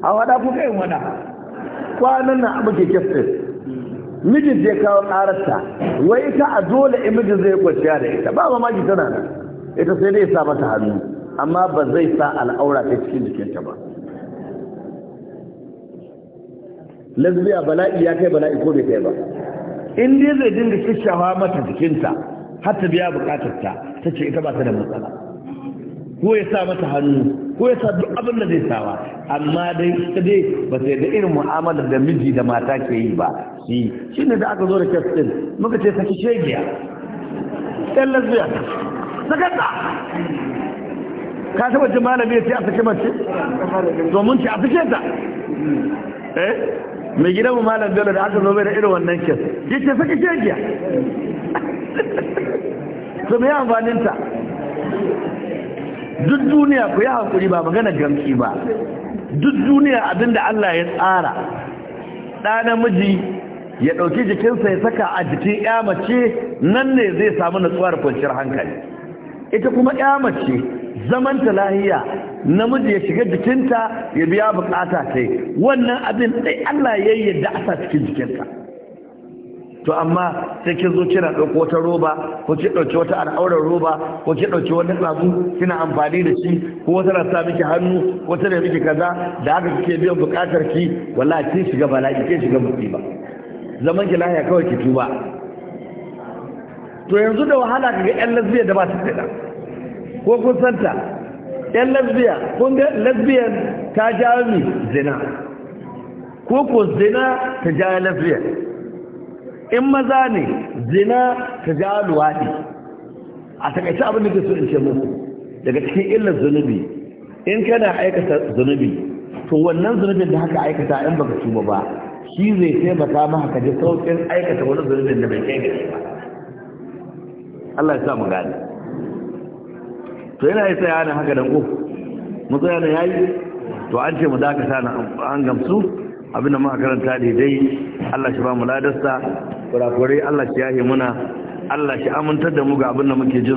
a wada ku kai wada kwanan nan abu ke kyaftin mijin zai kawo karasta wai ita a dole imijin zai kwanciya da ita ba mamaki tana nan ita sai dai sa mata hannu amma ba zai sa al'aura ta cikin jikinta ba lesbiya bala'i ya kai bala'i ko bai kai ba in dai zai dinga kishawa mata jikinta har ta biya bukatarta ta ce ita ba ta da matsala ko ya sa mata hannu ko ya sa duk abin da zai sawa amma dai ita dai ba sai da irin mu'amala da miji da mata ke yi ba shi shine da aka zo da kyastin muka ce saki shegiya ɗan lesbiya sakata ka taɓa jin malami ya ce a saki mace domin ce a saki ta eh mai gidan mu malam bello da aka zo bai da irin wannan kyas ya ce saki shegiya su [laughs] mai amfaninta duk duniya ku yi hankuri ba magana gamki ba duk duniya abinda Allah ya tsara ɗa namiji ya ɗauki jikinsa ya saka a jikin ya mace nan ne zai samu natsuwar kwanciyar hankali ita kuma ya mace zaman ta lahiya namiji ya shiga jikinta ya biya bukata kai wannan abin ɗai Allah ya yadda a sa cikin jikinta to amma sai kin zo kina ɗauko wata roba ko ki ɗauki wata al'aurar roba ko ki ɗauki wani tsazu kina amfani da shi ko wata na sa miki hannu ko ta miki kaza da haka kike biyan buƙatar ki wallahi kin shiga bala'i kin shiga musiba zaman ki lahiya kawai ki tuba to yanzu da wahala kaga yan lesbiya da ba su da ko kun santa yan lesbiya kun ga lesbiyan ta jawo mi zina ko ko zina ta jawo lesbiyan in maza ne zina ta ja luwaɗi a takaice abin da ke so in ce muku daga cikin illar zunubi in kana aikata zunubi to wannan zunubin da haka aikata in baka tuba ba shi zai taimaka maka ka ji saukin aikata wani zunubin da bai kai ga shi ba Allah ya sa mu gane to yana yi tsaya haka dan ko mu tsaya yayi to an ce mu dakata an gamsu abinda muka karanta daidai Allah shi ba mu ladarsa kurakurai Allah shi yahe muna Allah shi amintar da mu ga abinda muke jin